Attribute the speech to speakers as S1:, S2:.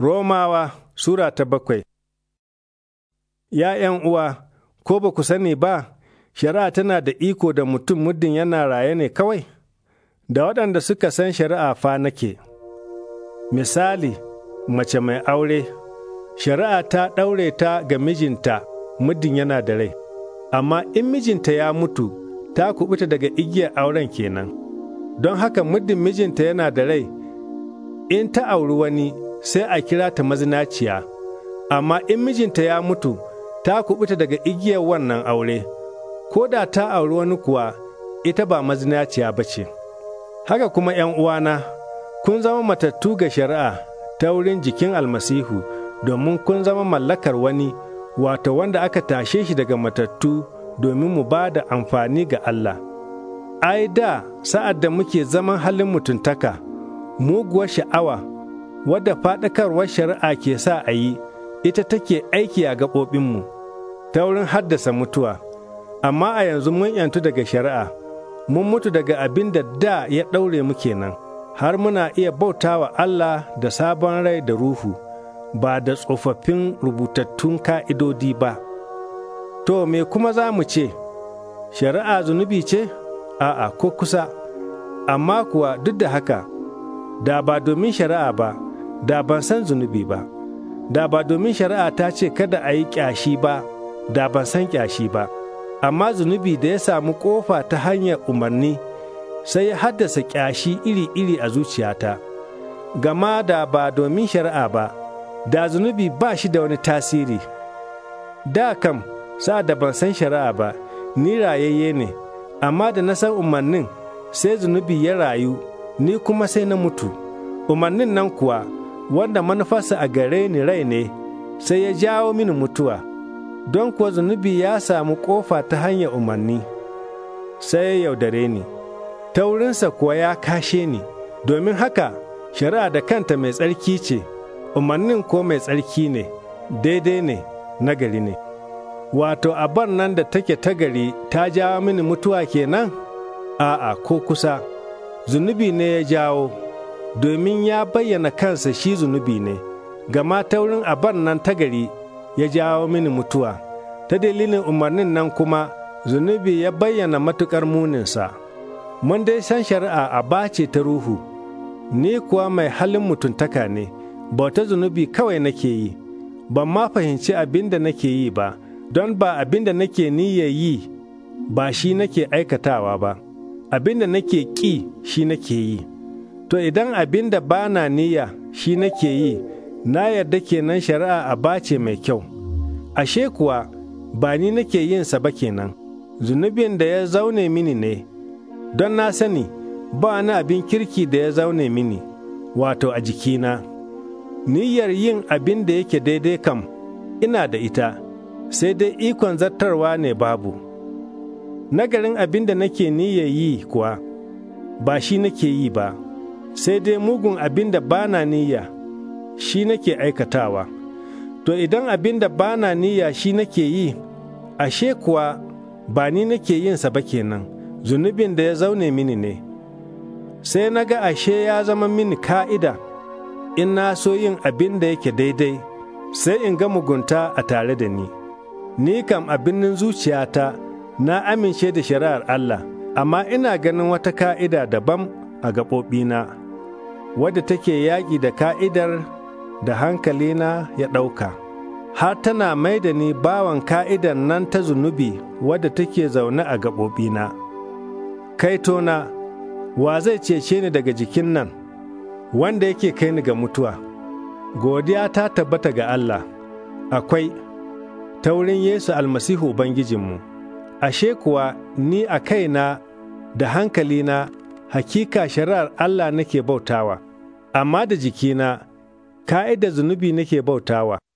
S1: Romawa Sura ta bakwai ’Ya'yan uwa, ko ba ku sani ba, shari'a tana da iko da mutum muddin yana raye ne kawai, da waɗanda suka san shari'a fa nake. Misali, mace mai aure, shari'a ta ɗaure ta ga mijinta muddin yana da rai, amma in mijinta ya mutu, ta kubuta daga igiyar auren kenan. Don haka muddin mijinta yana da rai, in ta auri wani. sai a kira ta mazinaciya, amma in mijinta ya mutu, ta kubuta daga igiyar wannan aure, ko da ta auri wani kuwa ita ba mazinaciya ba ce. Haka kuma ’yan uwana, kun zama matattu ga shari'a ta wurin jikin almasihu domin kun zama mallakar wani, wato wanda aka tashe shi daga matattu domin mu ba da amfani ga Allah. Ai da sa'ad da muke zaman halin mutuntaka, muguwar sha'awa. wadda faɗakarwar shari'a ke sa a yi, ita take aiki a gaɓoɓinmu, ta wurin haddasa mutuwa, amma a yanzu mun ‘yantu daga shari'a, mun mutu daga abin da da ya ɗaure mu kenan, har muna iya bauta wa Allah da sabon rai da ruhu, ba da tsofaffin rubutattun ka'idodi ba. To, me kuma za mu ce, shari'a zunubi ce? A'a, ko kusa, amma kuwa duk da haka, da ba domin shari'a ba. da ban san zunubi ba da ba domin shari'a ta ce kada a yi ƙyashi ba da ban san ƙyashi ba amma zunubi da ya samu ƙofa ta hanyar umarni sai ya haddasa ƙyashi iri-iri a zuciyata gama da ba domin shari'a ba da zunubi ba shi da wani tasiri da kam sa da ban san shari'a ba ni rayayye ne amma da na san umarnin sai zunubi ya rayu ni kuma sai na mutu umarnin nan kuwa wanda manufarsa a gare ni rai ne, sai ya jawo mini mutuwa, don kuwa zunubi ya samu ƙofa ta hanyar umarni, sai ya yaudare ni, ta wurinsa kuwa ya kashe ni, domin haka shari'a da kanta mai tsarki ce, umarnin ko mai tsarki ne, daidai ne, nagari ne. Wato, abar nan da take tagari ta jawo mini mutuwa kenan? A'a, ko kusa, zunubi ne ya jawo. domin ya bayyana kansa shi zunubi ne, gama ta wurin aban nan tagari ya jawo mini mutuwa, ta dalilin umarnin nan kuma zunubi ya bayyana matuƙar muninsa. Mun dai san shari'a a bace ta ruhu, ni kuwa mai halin mutuntaka ne, bauta zunubi kawai nake yi, ban ma fahimci abin da nake yi ba, don ba abin da nake niyya yi ba shi nake aikatawa ba, abin da nake ƙi shi nake yi. To idan abin da ba na niyya shi nake yi, na yarda kenan shari'a a bace mai kyau. Ashe kuwa ba ni nake yinsa ba kenan, zunubin da ya zaune mini ne, don na sani ba na abin kirki da ya zaune mini, wato a jikina. Niyyar yin abin da yake daidai kam, ina da ita, sai dai ikon zartarwa ne babu. Nagarin abin da nake niyyar yi kuwa, ba shi nake yi ba. sai dai mugun abin da ba na niyya shi nake aikatawa. To idan abin da ba na niyya shi nake yi, ashe kuwa ba ni nake yinsa ba kenan, zunubin da ya zaune mini ne. Sai na ga ashe ya zama mini ka'ida, in na so yin abin da yake daidai, sai in ga mugunta a tare da ni. Ni kam abinin zuciyata na amince da shari'ar Allah, amma ina ganin wata ka'ida daban a gaɓoɓina, wadda take yaƙi da ka'idar da hankalina ya ɗauka, har tana mai da ni bawan ka'idar nan ta zunubi wadda take zaune a gaɓoɓina. Kaitona, wa zai cece ni daga jikin nan, wanda yake kai ni ga mutuwa. Godiya ta tabbata ga Allah, akwai, ta wurin Yesu almasihu Ubangijinmu, ashe kuwa ni a kaina da hankalina hakika shari'ar Allah nake bautawa, amma da jikina, ka'idar zunubi nake bautawa.